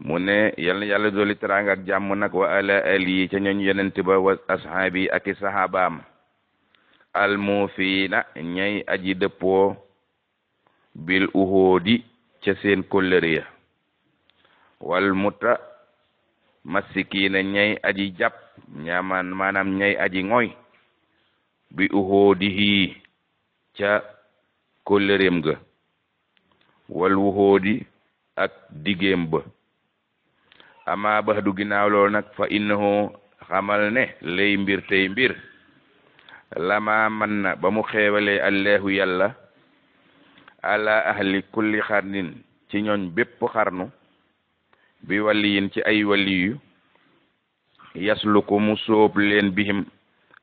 mu ne yal na yàlla dooli teraanga ak jàmm nag wa ala ali ca ñooñ yonent ba wa ashaabi ak i sahabaam ñay aji dëppoo bil uhoodi ca seen kóllëre wal muta masikiina ñay aji jàpp ñaamaan maanaam ñay aji ngoy bi uhoodihi ca kóllëreem ga wal wuhoodi ak digéem ba ama baxdu ginnaaw loolu nag fa innahu xamal ne lay mbir tey mbir lama man na ba mu xeewalee allahu yàlla ala ahli kulli xarnin ci ñooñ bépp xarnu bi waliyin ci ay waliyu yasluku mu sóob leen bihim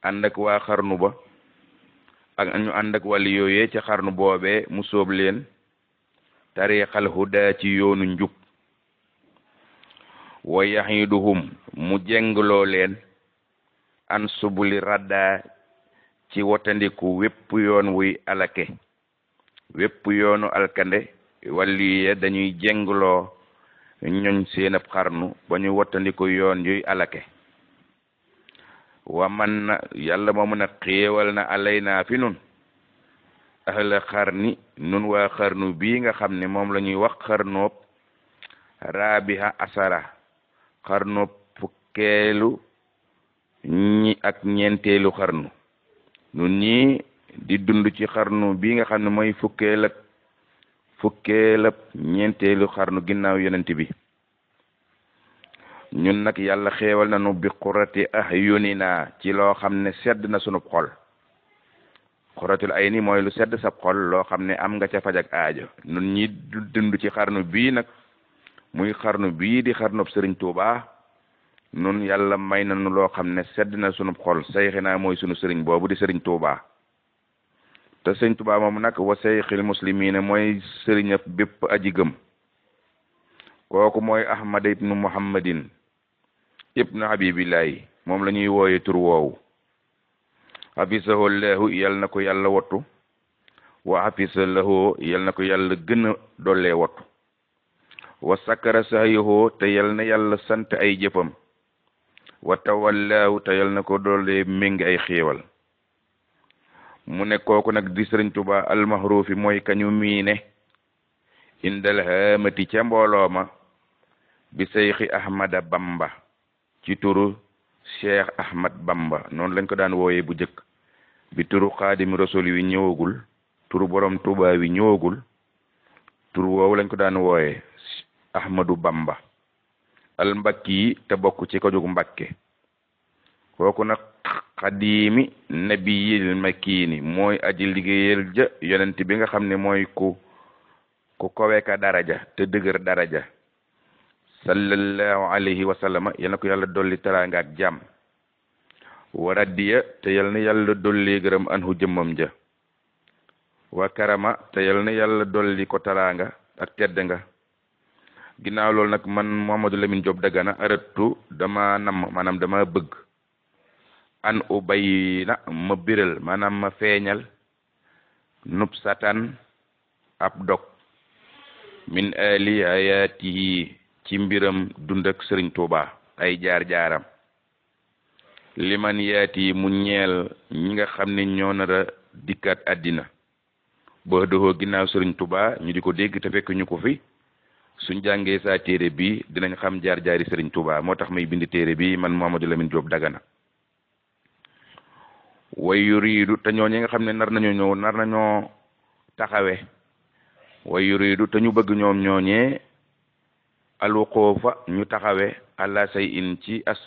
ànd ak waa xarnu ba ak ñu ànd ak ci xarnu boobee mu sóob leen tariqal huda ci yoonu njub wa yaxiduhum mu jengloo leen an subuli radda ci wotandiku wépp yoon wuy alake wépp yoonu alkande walli ye dañuy jengloo ñoñ seen ab xarnu ba ñu wattandiku yoon yuy alake wa man na yàlla moomu nag xéewal na alay naa fi nun ahla xarni nun waa xarnu bii nga xam ne moom lañuy ñuy wax xarnoob raabiha asara xarnu fukkeelu ñi ak ñeenteelu xarnu nun ñii di dund ci xarnu bi nga xam ne mooy fukkeel ak fukkeel ñeenteelu xarnu ginnaaw yonent bi ñun nag yàlla xéewal nañu bi qurati ahyunina ci loo xam ne sedd na sunub xol xuratul ay ni mooy lu sedd sab xol loo xam ne am nga ca faj aajo nun ñi dund ci xarnu bii nag muy xarnu bii di xarnub sëriñ Tuubaa nun yàlla may na nu loo xam ne sedd na sunu xol sayxinaa mooy sunu sëriñ boobu di sëriñ Tuubaa te sëriñ Tuubaa moom nag wa sayxil muslimiina mooy sëriñab bépp aji gëm kooku mooy Ahmad ibnu Muhammadin ibnu Habibillahi moom la ñuy wooye tur woowu hafisahu lahu yal na ko yàlla wattu wa hafisa lahu na ko yàlla gën a dollee wattu wa sakara sahayoo te yal na yàlla sant ay jëfam wa tawallaahu te yal na ko doole méngi ay xéewal mu ne kooku nag di sëriñ Tuba almahrufi mooy kañu miine indal haamati ca mbooloo ma bi seyxi ahmada bamba ci turu cheikh ahmad bamba noonu lañ ko daan wooyee bu jëkk bi turu xaadim rasul wi ñëwagul turu borom Tuba wi ñëwagul tur woowu lañ ko daan wooye ahmadu bamba al mbakki yi te bokk ci ko jóg mbakke kooku nag xadiimi nabiyil makiini mooy aji liggéeyal ja yonent bi nga xam ne mooy ku ku koweka daraja te dëgër daraja sallallahu alayhi wa sallama yal na ko yàlla dolli teraanga ak jàmm waradiya te yal na yàlla dolli gërëm anhu jëmmam ja wa karama te yal na dolli ko teraanga ak tedd ginaaw loolu nag man Mouhamadou Lamine Diop Dagana aratu dama nam maanaam dama bëgg an ubay na ma biral maanaam ma feeñal nub ab dog min ali hayatihi ci mbiram dund Sëriñ Tuuba ay jaar-jaaram liman yaati mu ñeel ñi nga xam ni ñoo nar a dikkaat àddina boo doxoo ginnaaw Sëriñ Tuuba ñu di ko dégg te fekk ñu ko fi suñ jàngee saa téere bi dinañ xam jaar jaari sëriñ Touba moo tax may bind téere bii man Mouhamadou Lamine Diop Dagana way yuriidu te ñoo ñi nga xam ne nar nañoo ñëw nar nañoo taxawe way yuriidu te ñu bëgg ñoom ñooñee alwuquufa ñu taxawe àla say in ci as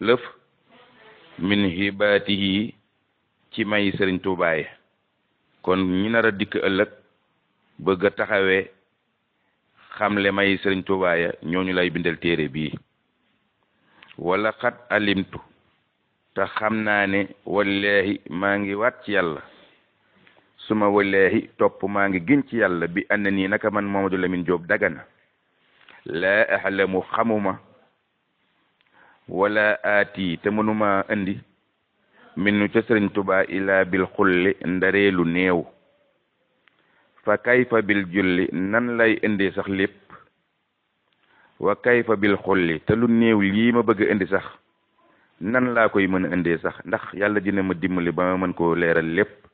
lëf min hibaatihi ci may sëriñ Touba kon ñu nar a dikk ëllëg bëgg taxawee xamle may sëriñ Tuubaa ya ñooñu lay bindel téere bii wala xat alimtu te xam naa ne maa ngi waat ci yàlla suma wallahi topp maa ngi gin ci yàlla bi ànd nii naka man Mamadou Lamine Diop Dagana la axlamu xamuma wala aati te mënuma indi minu ca sëriñ Tuubaa illa bil xulle ndareelu néew fa kayfa bil julli nan lay indi sax lépp wa kayfa bil xulli te lu néew lii ma bëgg indi sax nan laa koy mën a indee sax ndax yàlla dina ma dimbali ba ma mën koo leeral lépp